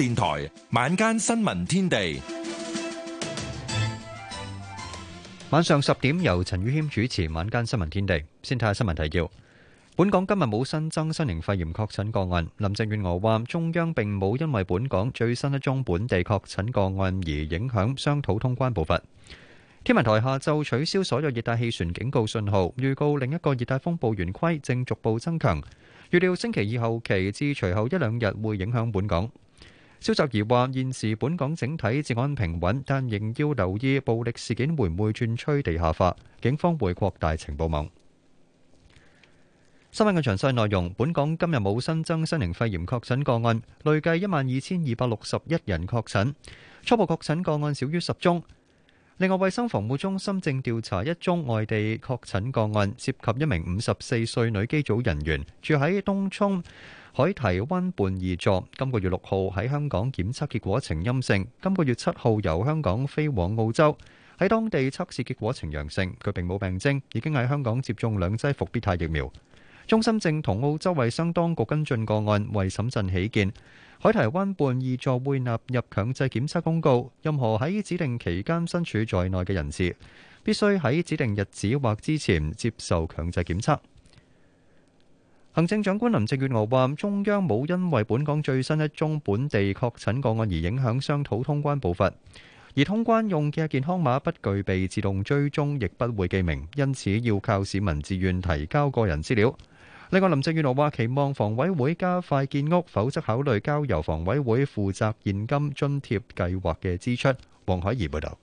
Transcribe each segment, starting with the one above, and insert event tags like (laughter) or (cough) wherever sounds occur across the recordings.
電台晚間新聞天地，晚上十點由陳宇謙主持。晚間新聞天地先睇下新聞提要。本港今日冇新增新型肺炎確診個案。林鄭月娥話，中央並冇因為本港最新一宗本地確診個案而影響商討通關步伐。天文台下晝取消所有熱帶氣旋警告信號，預告另一個熱帶風暴圓規正逐步增強，預料星期二後期至隨後一兩日會影響本港。蕭澤頤話：現時本港整體治安平穩，但仍要留意暴力事件會唔會轉趨地下化，警方會擴大情報網。新聞嘅詳細內容，本港今日冇新增新型肺炎確診個案，累計一萬二千二百六十一人確診，初步確診個案少於十宗。另外，衞生防護中心正調查一宗外地確診個案，涉及一名五十四歲女機組人員，住喺東涌海堤灣畔二座。今個月六號喺香港檢測結果呈陰性，今個月七號由香港飛往澳洲，喺當地測試結果呈陽性。佢並冇病徵，已經喺香港接種兩劑復必泰疫苗。中心正同澳洲衞生當局跟進個案，為審慎起見，海堤灣畔二座會納入強制檢測公告，任何喺指定期間身處在內嘅人士，必須喺指定日子或之前接受強制檢測。行政長官林鄭月娥話：中央冇因為本港最新一宗本地確診個案而影響商討通關步伐，而通關用嘅健康碼不具備自動追蹤，亦不會記名，因此要靠市民自願提交個人資料。另外，林鄭月娥話期望房委會加快建屋，否則考慮交由房委會負責現金津貼計劃嘅支出。黃海怡報導。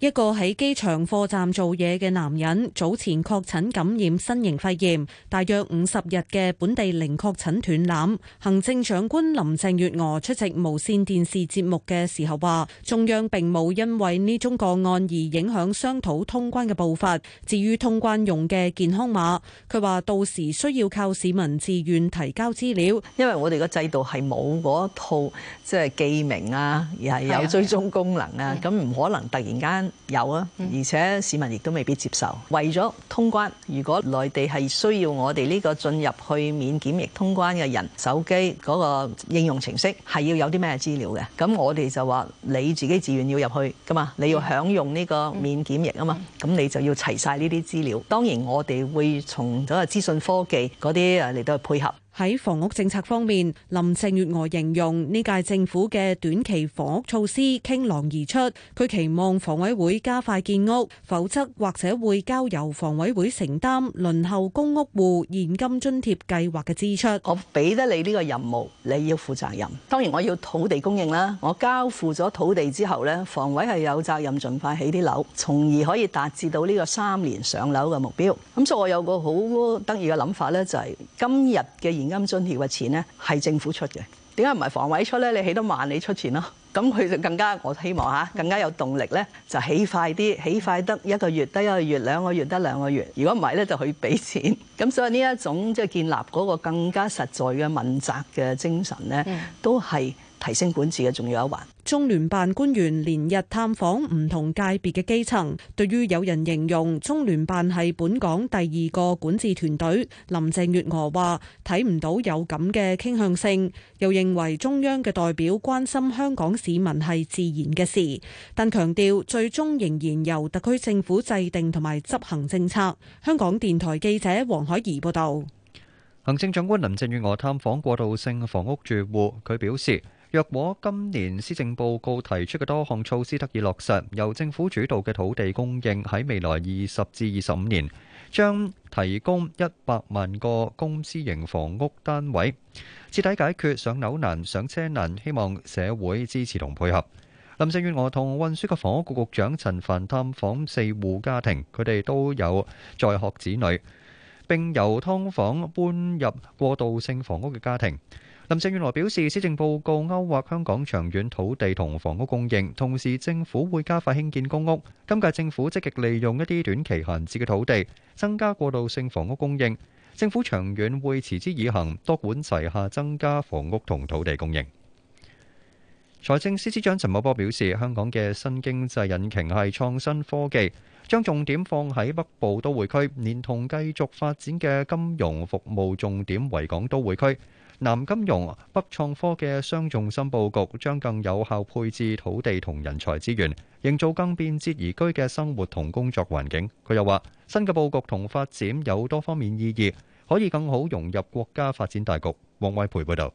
一個喺機場貨站做嘢嘅男人，早前確診感染新型肺炎，大約五十日嘅本地零確診斷纜。行政長官林鄭月娥出席無線電視節目嘅時候話：中央並冇因為呢宗個案而影響商討通關嘅步伐。至於通關用嘅健康碼，佢話到時需要靠市民自願提交資料。因為我哋個制度係冇嗰一套即係、就是、記名啊，而係有追蹤功能啊，咁唔可能突然間。有啊，而且市民亦都未必接受。為咗通關，如果內地係需要我哋呢個進入去免檢疫通關嘅人，手機嗰個應用程式，係要有啲咩資料嘅？咁我哋就話你自己自願要入去噶嘛，你要享用呢個免檢疫啊嘛，咁你就要齊晒呢啲資料。當然我哋會從咗資訊科技嗰啲誒嚟到去配合。喺房屋政策方面，林鄭月娥形容呢屆政府嘅短期房屋措施傾囊而出，佢期望房委會加快建屋，否則或者會交由房委會承擔輪候公屋戶現金津貼計劃嘅支出。我俾得你呢個任務，你要負責任。當然我要土地供應啦，我交付咗土地之後咧，房委係有責任盡快起啲樓，從而可以達至到呢個三年上樓嘅目標，咁所以我有個好得意嘅諗法咧，就係今日嘅。現金津貼嘅錢咧係政府出嘅，點解唔係房委出咧？你起得慢你出錢咯，咁佢就更加我希望嚇，更加有動力咧，就起快啲，起快得一個月得一個月，兩個月得兩個月。如果唔係咧，就佢俾錢。咁所以呢一種即係建立嗰個更加實在嘅問責嘅精神咧、嗯，都係。提升管治嘅重要一環，中聯辦官員連日探訪唔同界別嘅基層。對於有人形容中聯辦係本港第二個管治團隊，林鄭月娥話睇唔到有咁嘅傾向性，又認為中央嘅代表關心香港市民係自然嘅事，但強調最終仍然由特區政府制定同埋執行政策。香港電台記者黃海怡報道。行政長官林鄭月娥探訪過渡性房屋住戶，佢表示，若果今年施政報告提出嘅多項措施得以落實，由政府主導嘅土地供應喺未來二十至二十五年，將提供一百萬個公私營房屋單位，徹底解決上樓難、上車難。希望社會支持同配合。林鄭月娥同運輸及房屋局局長陳帆探訪四戶家庭，佢哋都有在學子女，並由劏房搬入過渡性房屋嘅家庭。林鄭月娥表示，施政報告勾畫香港長遠土地同房屋供應，同時政府會加快興建公屋。今屆政府積極利用一啲短期閒置嘅土地，增加過渡性房屋供應。政府長遠會持之以恆，多管齊下增加房屋同土地供應。財政司司長陳茂波表示，香港嘅新經濟引擎係創新科技，將重點放喺北部都會區，連同繼續發展嘅金融服務重點維港都會區。南金融、北創科嘅雙重心佈局，將更有效配置土地同人才資源，營造更便捷宜居嘅生活同工作環境。佢又話，新嘅佈局同發展有多方面意義，可以更好融入國家發展大局。黃偉培報導。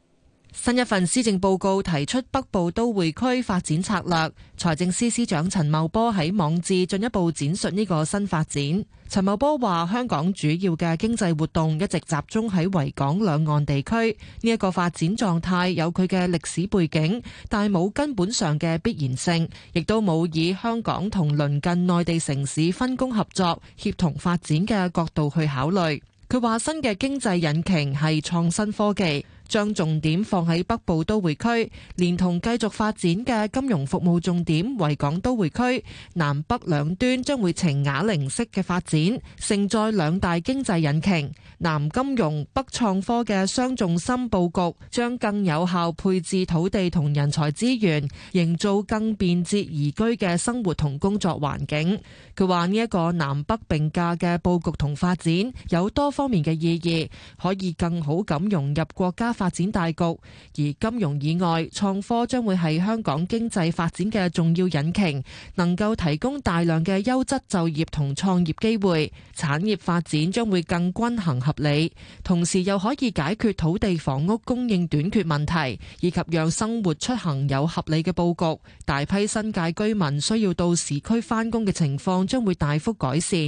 新一份施政報告提出北部都會區發展策略，財政司司司長陳茂波喺網誌進一步展述呢個新發展。陳茂波話：香港主要嘅經濟活動一直集中喺維港兩岸地區，呢、這、一個發展狀態有佢嘅歷史背景，但冇根本上嘅必然性，亦都冇以香港同鄰近內地城市分工合作、協同發展嘅角度去考慮。佢話新嘅經濟引擎係創新科技。將重點放喺北部都會區，連同繼續發展嘅金融服務重點維港都會區，南北兩端將會呈啞鈴式嘅發展，盛載兩大經濟引擎，南金融北創科嘅雙重心布局將更有效配置土地同人才資源，營造更便捷宜居嘅生活同工作環境。佢話呢一個南北並駕嘅布局同發展有多方面嘅意義，可以更好咁融入國家發展大局，而金融以外，創科將會係香港經濟發展嘅重要引擎，能夠提供大量嘅優質就業同創業機會，產業發展將會更均衡合理，同時又可以解決土地房屋供應短缺問題，以及讓生活出行有合理嘅佈局。大批新界居民需要到市區返工嘅情況將會大幅改善，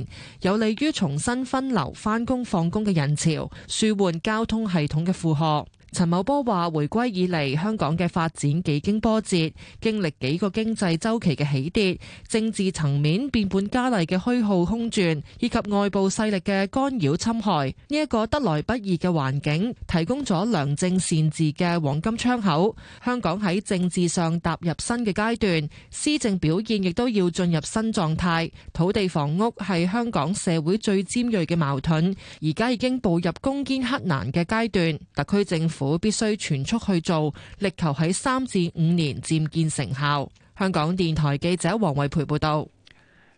有利於重新分流返工放工嘅人潮，舒緩交通系統嘅負荷。陳茂波話：回歸以嚟，香港嘅發展幾經波折，經歷幾個經濟周期嘅起跌，政治層面變本加厲嘅虛耗空轉，以及外部勢力嘅干擾侵害，呢一個得來不易嘅環境，提供咗良政善治嘅黃金窗口。香港喺政治上踏入新嘅階段，施政表現亦都要進入新狀態。土地房屋係香港社會最尖銳嘅矛盾，而家已經步入攻堅克難嘅階段。特區政府。府必須全速去做，力求喺三至五年漸見成效。香港電台記者黃惠培報道。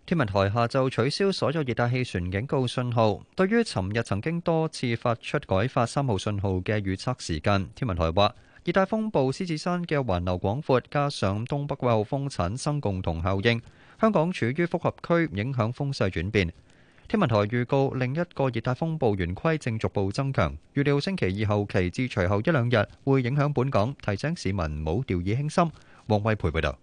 天文台下晝取消所有熱帶氣旋警告信號。對於尋日曾經多次發出改發三號信號嘅預測時間，天文台話熱帶風暴獅子山嘅環流廣闊，加上東北季候風產生共同效應，香港處於複合區，影響風勢轉變。天文台預告，另一個熱帶風暴圓規正逐步增強，預料星期二後期至隨後一兩日會影響本港，提醒市民唔好掉以輕心。黃惠培報導。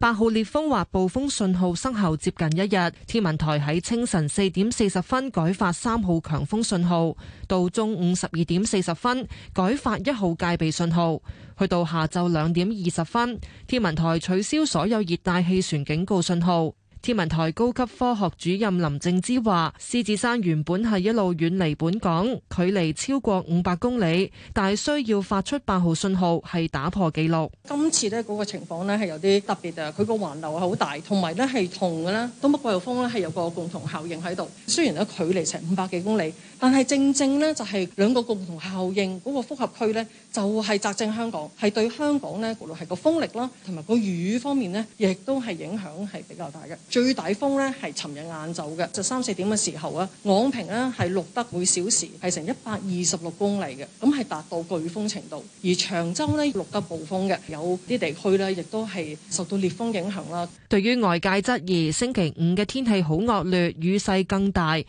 八號烈風或暴風信號生效接近一日，天文台喺清晨四點四十分改發三號強風信號，到中午十二點四十分改發一號戒備信號，去到下晝兩點二十分，天文台取消所有熱帶氣旋警告信號。天文台高級科學主任林正之話，獅子山原本係一路遠離本港，距離超過五百公里，但係需要發出八號信號，係打破紀錄。今次咧個情況咧係有啲特別啊，佢個環流係好大，同埋咧係同啦。東北季候風咧係有，有個共同效應喺度。雖然咧距離成五百幾公里，但係正正咧就係兩個共同效應嗰個複合區咧。就係、是、責正香港，係對香港呢，無論係個風力啦，同埋個雨方面呢，亦都係影響係比較大嘅。最大風呢，係尋日晏晝嘅，就三四點嘅時候啊，昂坪呢，係錄得每小時係成一百二十六公里嘅，咁係達到颶風程度。而長洲呢，錄得暴風嘅，有啲地區呢，亦都係受到烈風影響啦。對於外界質疑星期五嘅天氣好惡劣、雨勢更大，林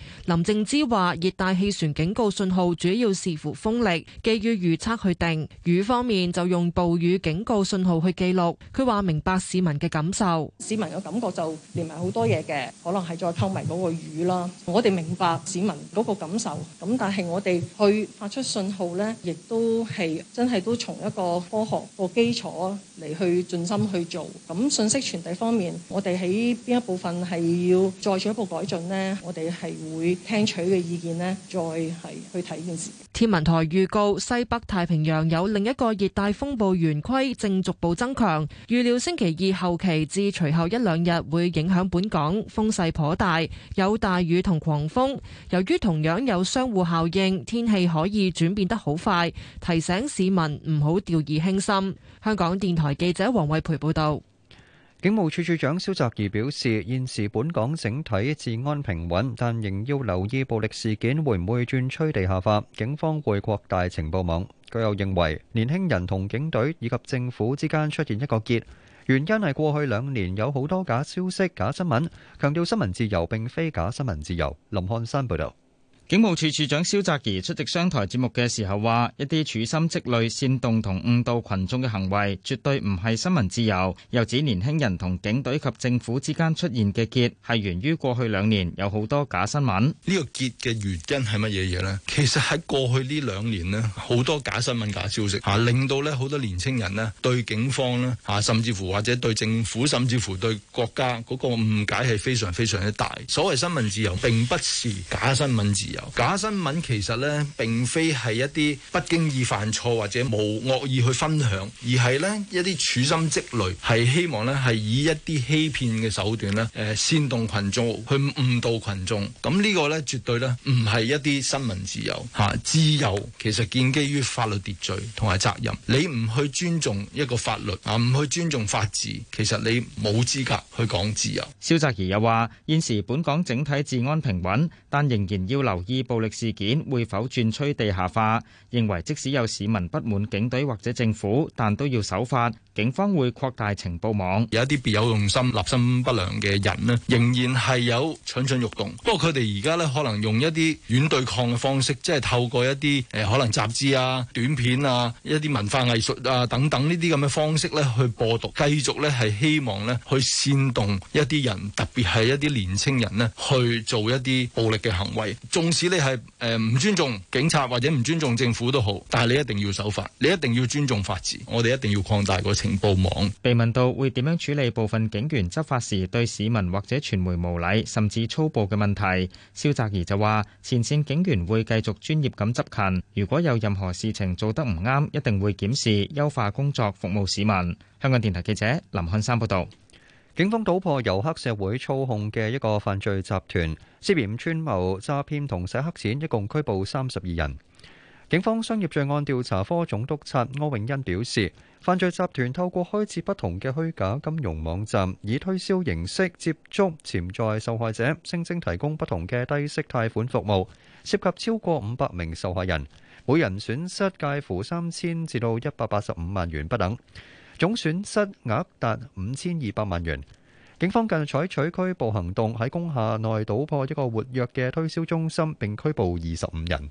靜芝話熱帶氣旋警告信號主要視乎風力，基於預測去定。雨方面就用暴雨警告信號去記錄，佢話明白市民嘅感受，市民嘅感覺就連埋好多嘢嘅，可能係再透埋嗰個雨啦。我哋明白市民嗰個感受，咁但係我哋去發出信號咧，亦都係真係都從一個科學個基礎嚟去盡心去做。咁信息傳遞方面，我哋喺邊一部分係要再進一步改進咧，我哋係會聽取嘅意見咧，再係去睇件事。天文台預告西北太平洋。有另一個熱帶風暴圓規正逐步增強，預料星期二後期至隨後一兩日會影響本港，風勢頗大，有大雨同狂風。由於同樣有相互效應，天氣可以轉變得好快，提醒市民唔好掉以輕心。香港電台記者黃慧培報道。警務處處長蕭澤頤表示，現時本港整體治安平穩，但仍要留意暴力事件會唔會轉趨地下化，警方會擴大情報網。佢又認為年輕人同警隊以及政府之間出現一個結，原因係過去兩年有好多假消息、假新聞，強調新聞自由並非假新聞自由。林漢山報導。警務處處長蕭澤頤出席商台節目嘅時候話，一啲處心積慮煽動同誤導群眾嘅行為，絕對唔係新聞自由。又指年輕人同警隊及政府之間出現嘅結，係源於過去兩年有好多假新聞。呢個結嘅原因係乜嘢嘢呢？其實喺過去呢兩年呢，好多假新聞、假消息吓，令到呢好多年輕人呢對警方吓，甚至乎或者對政府，甚至乎對國家嗰個誤解係非常非常之大。所謂新聞自由，並不是假新聞自由。假新聞其實咧，並非係一啲不經意犯錯或者冇惡意去分享，而係呢一啲處心積慮係希望呢係以一啲欺騙嘅手段呢，誒煽動群眾去誤導群眾。咁呢個呢，絕對呢唔係一啲新聞自由、啊、自由其實建基於法律秩序同埋責任。你唔去尊重一個法律啊，唔去尊重法治，其實你冇資格去講自由。蕭澤怡又話：現時本港整體治安平穩，但仍然要留。以暴力事件會否轉趨地下化？認為即使有市民不滿警隊或者政府，但都要守法。警方會擴大情報網，有一啲別有用心、立心不良嘅人呢，仍然係有蠢蠢欲動。不過佢哋而家呢可能用一啲軟對抗嘅方式，即係透過一啲、呃、可能雜誌啊、短片啊、一啲文化藝術啊等等呢啲咁嘅方式呢去播毒，繼續呢係希望呢去煽動一啲人，特別係一啲年青人呢去做一啲暴力嘅行為。縱使你係誒唔尊重警察或者唔尊重政府都好，但係你一定要守法，你一定要尊重法治。我哋一定要擴大個情報被問到會點樣處理部分警員執法時對市民或者傳媒無禮甚至粗暴嘅問題，蕭澤怡就話：前線警員會繼續專業咁執勤，如果有任何事情做得唔啱，一定會檢視優化工作服務市民。香港電台記者林漢山報道，警方搗破由黑社會操控嘅一個犯罪集團，涉嫌串謀詐騙同洗黑錢，一共拘捕三十二人。警方商業罪案調查科總督察柯永恩表示。犯罪集團透過開設不同嘅虛假金融網站，以推銷形式接觸潛在受害者，聲稱提供不同嘅低息貸款服務，涉及超過五百名受害人，每人損失介乎三千至到一百八十五萬元不等，總損失額達五千二百萬元。警方近日採取拘捕行動，喺工廈內搗破一個活躍嘅推銷中心，並拘捕二十五人。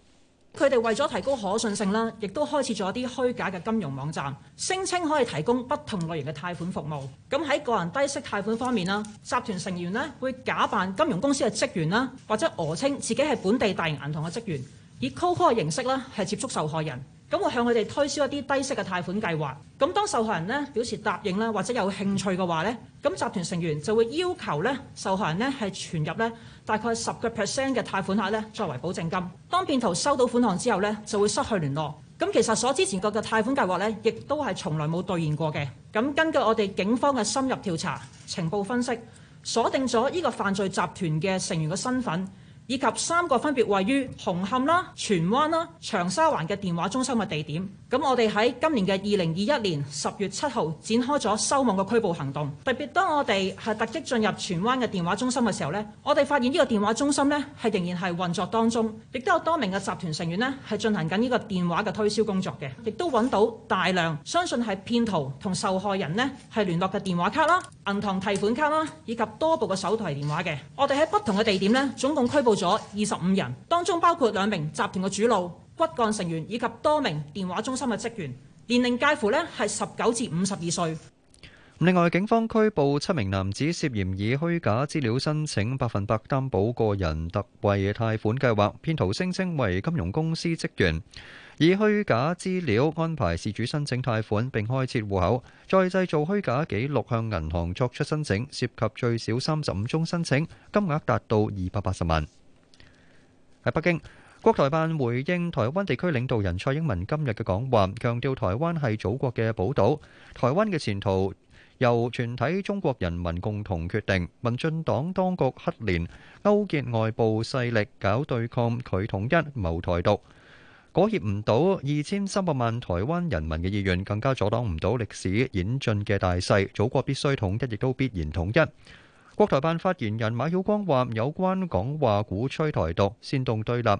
佢哋為咗提高可信性啦，亦都開設咗一啲虛假嘅金融網站，聲稱可以提供不同類型嘅貸款服務。咁喺個人低息貸款方面啦，集團成員咧會假扮金融公司嘅職員啦，或者訛稱自己係本地大型銀行嘅職員，以 cold call 嘅形式咧係接觸受害人。咁會向佢哋推銷一啲低息嘅貸款計劃。咁當受害人呢表示答應或者有興趣嘅話呢，咁集團成員就會要求呢受害人呢係存入呢大概十個 percent 嘅貸款額呢作為保證金。當騙徒收到款項之後呢就會失去聯絡。咁其實所之前個嘅貸款計劃呢亦都係從來冇兌現過嘅。咁根據我哋警方嘅深入調查、情報分析，鎖定咗呢個犯罪集團嘅成員嘅身份。以及三個分別位於紅磡啦、荃灣啦、長沙灣嘅電話中心嘅地點。咁我哋喺今年嘅二零二一年十月七號展開咗收網嘅拘捕行動，特別當我哋係突擊進入荃灣嘅電話中心嘅時候呢，我哋發現呢個電話中心呢係仍然係運作當中，亦都有多名嘅集團成員呢係進行緊呢個電話嘅推銷工作嘅，亦都揾到大量相信係騙徒同受害人呢係聯絡嘅電話卡啦、銀行提款卡啦，以及多部嘅手提電話嘅。我哋喺不同嘅地點呢，總共拘捕咗二十五人，當中包括兩名集團嘅主腦。骨幹成員以及多名電話中心嘅職員，年齡介乎呢係十九至五十二歲。另外，警方拘捕七名男子涉嫌以虛假資料申請百分百擔保個人特惠貸款計劃，騙徒聲稱為金融公司職員，以虛假資料安排事主申請貸款並開設戶口，再製造虛假記錄向銀行作出申請，涉及最少三十五宗申請，金額達到二百八十萬。喺北京，國台辦回應台灣地區領導人蔡英文今日嘅講話，強調台灣係祖國嘅寶島，台灣嘅前途由全體中國人民共同決定。民進黨當局黑連勾結外部勢力搞對抗、拒統一、謀台獨，裹挾唔到二千三百萬台灣人民嘅意願，更加阻擋唔到歷史演進嘅大勢。祖國必須統一，亦都必然統一。國台辦發言人馬曉光話：有關講話鼓吹台獨、煽動對立、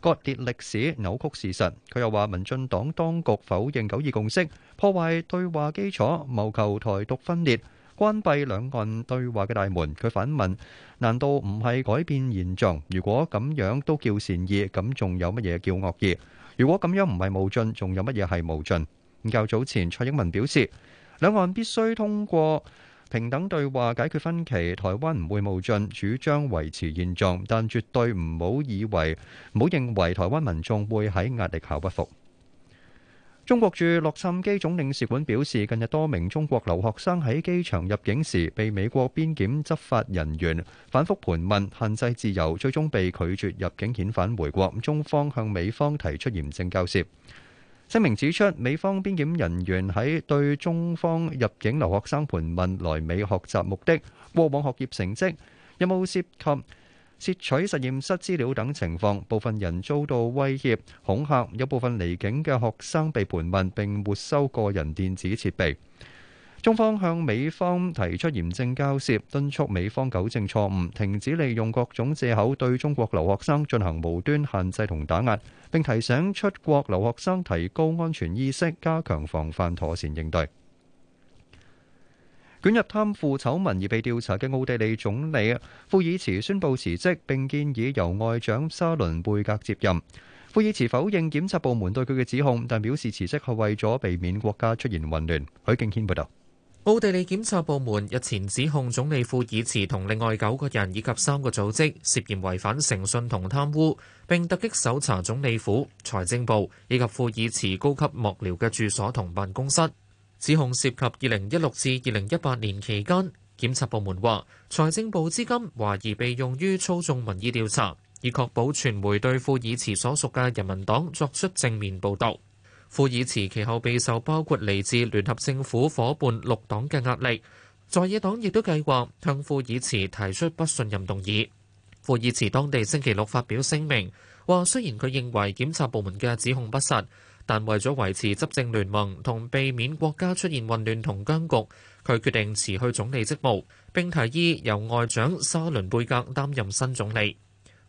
割裂歷史、扭曲事實。佢又話：民進黨當局否認九二共識，破壞對話基礎，謀求台獨分裂，關閉兩岸對話嘅大門。佢反問：難道唔係改變現狀？如果咁樣都叫善意，咁仲有乜嘢叫惡意？如果咁樣唔係無盡，仲有乜嘢係無盡？咁較早前，蔡英文表示：兩岸必須通過。平等對話解決分歧，台灣唔會冒進，主張維持現狀，但絕對唔好以為、唔好認為台灣民眾會喺壓力下屈服。中國駐洛杉磯總領事館表示，近日多名中國留學生喺機場入境時，被美國邊檢執法人員反覆盤問，限制自由，最終被拒絕入境遣返回國。中方向美方提出嚴正交涉。聲明指出，美方邊檢人員喺對中方入境留學生盤問來美學習目的、過往學業成績、有冇涉及竊取實驗室資料等情況，部分人遭到威脅恐嚇，有部分離境嘅學生被盤問並沒收個人電子設備。中方向美方提出嚴正交涉，敦促美方糾正錯誤，停止利用各種藉口對中國留學生進行無端限制同打壓，並提醒出國留學生提高安全意識，加強防範，妥善應對。捲入貪腐醜聞而被調查嘅奧地利總理庫爾茨宣布辭職，並建議由外長沙倫貝格接任。庫爾茨否認檢察部門對佢嘅指控，但表示辭職係為咗避免國家出現混亂。許敬軒報導。奧地利檢察部門日前指控總理庫爾茨同另外九個人以及三個組織涉嫌違反誠信同貪污，並突擊搜查總理府、財政部以及庫爾茨高級幕僚嘅住所同辦公室。指控涉及二零一六至二零一八年期間。檢察部門話，財政部資金懷疑被用於操縱民意調查，以確保傳媒對庫爾茨所屬嘅人民黨作出正面報導。庫爾茨其後備受包括嚟自聯合政府伙伴綠黨嘅壓力，在野黨亦都計劃向庫爾茨提出不信任動議。庫爾茨當地星期六發表聲明，話雖然佢認為檢察部門嘅指控不實，但為咗維持執政聯盟同避免國家出現混亂同僵局，佢決定辭去總理職務，並提議由外長沙倫貝格擔任新總理。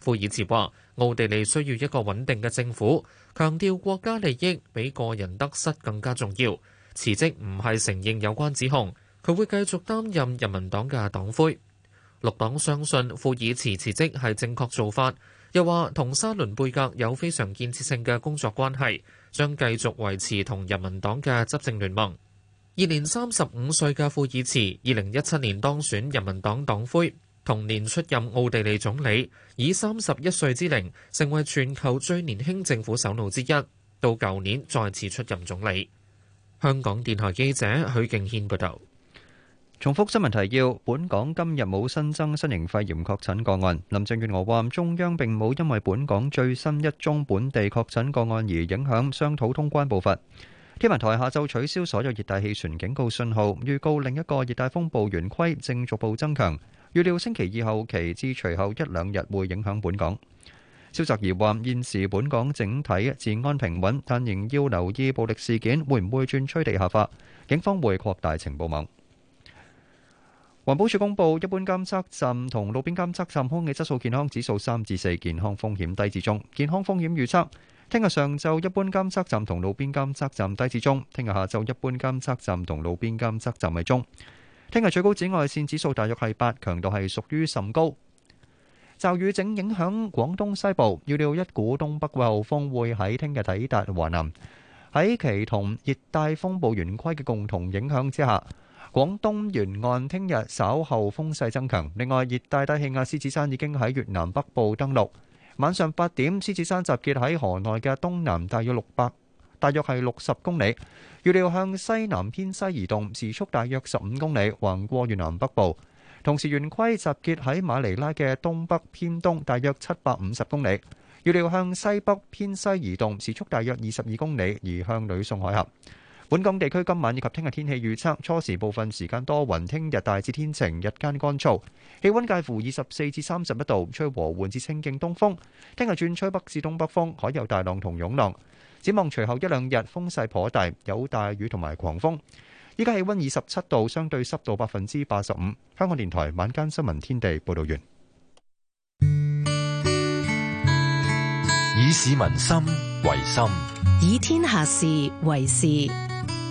庫爾茨話：奧地利需要一個穩定嘅政府。強調國家利益比個人得失更加重要。辭職唔係承認有關指控，佢會繼續擔任人民黨嘅黨魁。綠黨相信庫爾茨辭職係正確做法，又話同沙倫貝格有非常建設性嘅工作關係，將繼續維持同人民黨嘅執政聯盟。現年三十五歲嘅庫爾茨，二零一七年當選人民黨黨魁。同年出任奧地利總理，以三十一歲之齡成為全球最年輕政府首腦之一。到舊年再次出任總理。香港電台記者許敬軒報導。重複新聞提要：本港今日冇新增新型肺炎確診個案。林鄭月娥話：中央並冇因為本港最新一宗本地確診個案而影響商討通關步伐。天文台下晝取消所有熱帶氣旋警告信號，預告另一個熱帶風暴圓規正逐步增強。預料星期二後期至隨後一兩日會影響本港。蕭澤怡話：現時本港整體治安平穩，但仍要留意暴力事件會唔會轉趨地下化。警方會擴大情報網。環保署公布，一般監測站同路邊監測站空氣質素健康指數三至四，健康風險低至中。健康風險預測：聽日上晝一般監測站同路邊監測站低至中；聽日下晝一般監測站同路邊監測站係中。聽日最高紫外線指數大約係八，強度係屬於甚高。驟雨正影響廣東西部，預料一股東北季候風會喺聽日抵達華南。喺其同熱帶風暴圓規嘅共同影響之下，廣東沿岸聽日稍後風勢增強。另外，熱帶低氣壓獅子山已經喺越南北部登陸。晚上八點，獅子山集結喺河內嘅東南大約六百。大約係六十公里，預料向西南偏西移動，時速大約十五公里，橫過越南北部。同時，圓規集結喺馬尼拉嘅東北偏東，大約七百五十公里。預料向西北偏西移動，時速大約二十二公里，移向呂宋海峽。本港地區今晚以及聽日天氣預測：初時部分時間多雲，聽日大致天晴，日間乾燥，氣溫介乎二十四至三十一度，吹和緩至清勁東風。聽日轉吹北至東北風，海有大浪同湧浪。展望隨後一兩日風勢頗大，有大雨同埋狂風。依家氣溫二十七度，相對濕度百分之八十五。香港電台晚間新聞天地報道完。以市民心為心，以天下事為事。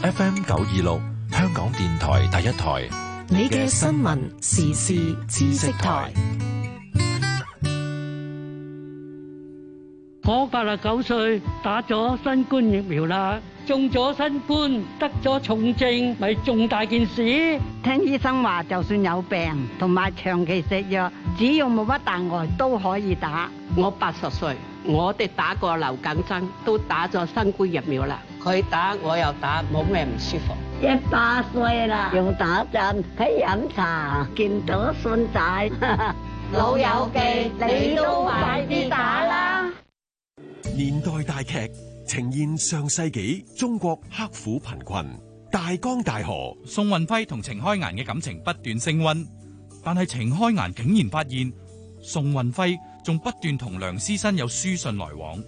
FM 九二六，香港電台第一台，你嘅新聞時事知識台。我八十九歲，打咗新冠疫苗啦，中咗新冠，得咗重症，咪重大件事。聽醫生話，就算有病同埋長期食藥，只要冇乜大礙都可以打。我八十歲，我哋打過流感針，都打咗新冠疫苗啦。佢打，我又打，冇咩唔舒服。一百歲啦，用打針，喺飲茶，見到孫仔。老友記，你都快啲打啦！年代大劇呈現上世紀中國刻苦貧困，大江大河，宋運輝同程開顏嘅感情不斷升溫，但係程開顏竟然發現宋運輝仲不斷同梁思申有書信來往，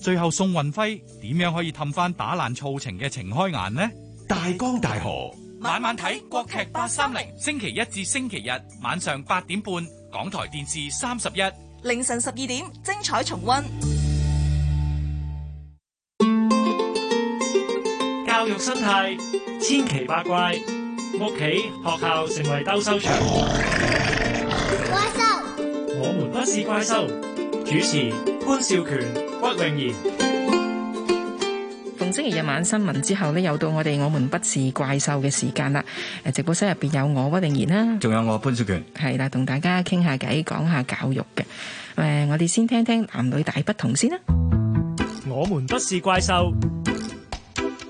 最後宋運輝點樣可以氹翻打爛醋情嘅程開顏呢？大江大河，晚晚睇國劇八三零，星期一至星期日晚上八點半，港台電視三十一，凌晨十二點，精彩重溫。教育生態千奇百怪，屋企、學校成為鬥獸場。怪獸，我們不是怪獸。主持潘少權、屈穎妍。逢星期日晚新聞之後咧，又到我哋我們不是怪獸嘅時間啦。誒，直播室入邊有我屈穎妍啦，仲有我潘少權，係啦，同大家傾下偈，講下教育嘅。誒，我哋先聽聽男女大不同先啦。我們不是怪獸。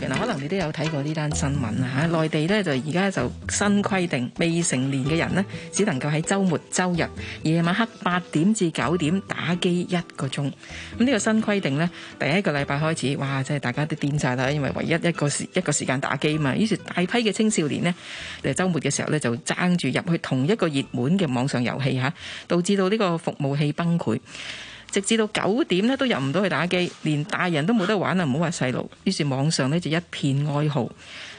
本可能你都有睇過呢單新聞啦、啊、內地呢，就而家就新規定，未成年嘅人呢，只能夠喺週末、周日夜晚黑八點至九點打機一個鐘。咁呢個新規定呢，第一個禮拜開始，哇！真係大家都癲晒啦，因為唯一一個時一個時間打機嘛，於是大批嘅青少年呢，誒週末嘅時候呢，就爭住入去同一個熱門嘅網上遊戲嚇、啊，導致到呢個服務器崩潰。直至到九點咧都入唔到去打機，連大人都冇得玩啊！唔好話細路。於是網上呢就一片哀號。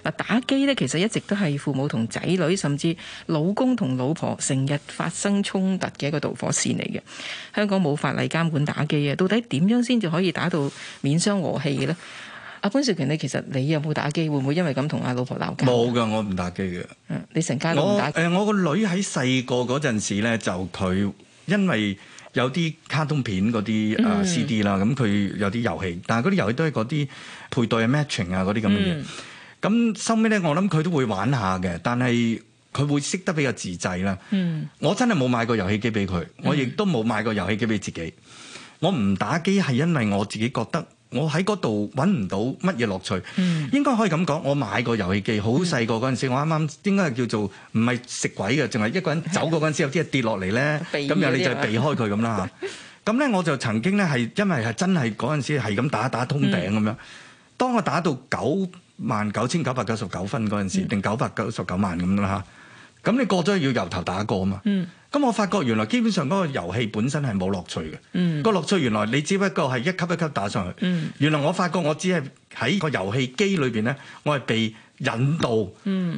嗱，打機呢，其實一直都係父母同仔女，甚至老公同老婆成日發生衝突嘅一個導火線嚟嘅。香港冇法例監管打機啊！到底點樣先至可以打到免傷和氣呢？阿潘少權，你其實你有冇打機會唔會因為咁同阿老婆鬧交？冇㗎，我唔打機嘅。你成家我唔打。誒，我個女喺細個嗰陣時咧，就佢因為。有啲卡通片嗰啲誒 CD 啦、嗯，咁佢有啲遊戲，但嗰啲遊戲都係嗰啲配對啊 matching 啊嗰啲咁嘅嘢。咁收尾咧，我諗佢都會玩下嘅，但係佢會識得比較自制啦、嗯。我真係冇買過遊戲機俾佢，我亦都冇買過遊戲機俾自己。我唔打機係因為我自己覺得。我喺嗰度揾唔到乜嘢樂趣、嗯，應該可以咁講。我買過遊戲機，好細個嗰陣時、嗯，我啱啱應該係叫做唔係食鬼嘅，淨係一個人走過嗰陣時、嗯，有啲嘢跌落嚟咧，咁然後你就避開佢咁啦嚇。咁 (laughs) 咧我就曾經咧係因為係真係嗰陣時係咁打打通頂咁樣。當我打到九萬、嗯、九千九百九十九分嗰陣時，定九百九十九萬咁啦嚇。咁你過咗要由頭打過啊嘛。嗯。咁我發覺原來基本上嗰個遊戲本身係冇樂趣嘅，個、嗯、樂趣原來你只不過係一級一級打上去。嗯、原來我發覺我只係喺個遊戲機裏邊咧，我係被引導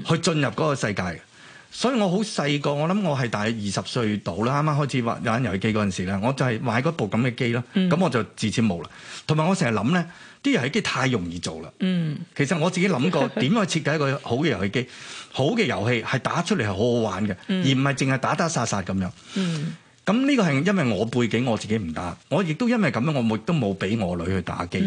去進入嗰個世界嘅。所以我好細個，我諗我係大約二十歲到啦，啱啱開始玩遊戲機嗰陣時咧，我就係買嗰部咁嘅機啦。咁我就自此冇啦。同埋我成日諗咧。啲遊戲機太容易做啦、嗯，其實我自己諗過點樣設計一個好嘅遊戲機， (laughs) 好嘅遊戲係打出嚟係好好玩嘅、嗯，而唔係淨係打打殺殺咁樣。嗯咁呢個係因為我背景，我自己唔打。我亦都因為咁樣，我亦都冇俾我女去打機。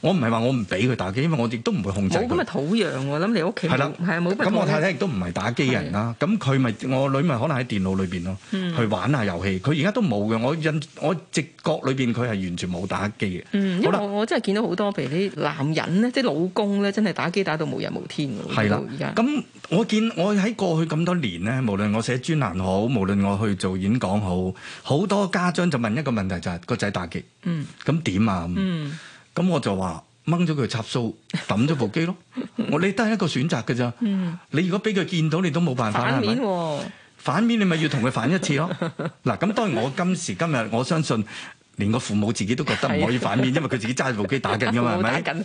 我唔係話我唔俾佢打機，因為我亦都唔會控制佢。冇咁咪土壤喎，諗你屋企。係啦，係啊，冇。咁我太太亦都唔係打機人啦。咁佢咪我女咪可能喺電腦裏邊咯，去玩下遊戲。佢而家都冇嘅。我印我直覺裏邊佢係完全冇打機嘅。嗯，因為我我真係見到好多，譬如啲男人咧，即係老公咧，真係打機打到無日無天喎。係啦，而家。咁我見我喺過去咁多年咧，無論我寫專欄好，無論我去做演講好。好多家長就問一個問題，就係個仔打機，嗯，咁點啊？咁、嗯、我就話掹咗佢插蘇，抌咗部機咯。 (laughs) 我你得一個選擇嘅啫。嗯，你如果俾佢見到，你都冇辦法。反面喎、哦，反面你咪要同佢反一次咯。嗱，咁當然我今時今日，我相信連個父母自己都覺得唔可以反面， (laughs) 因為佢自己揸住部機打緊噶嘛，係 (laughs) 咪？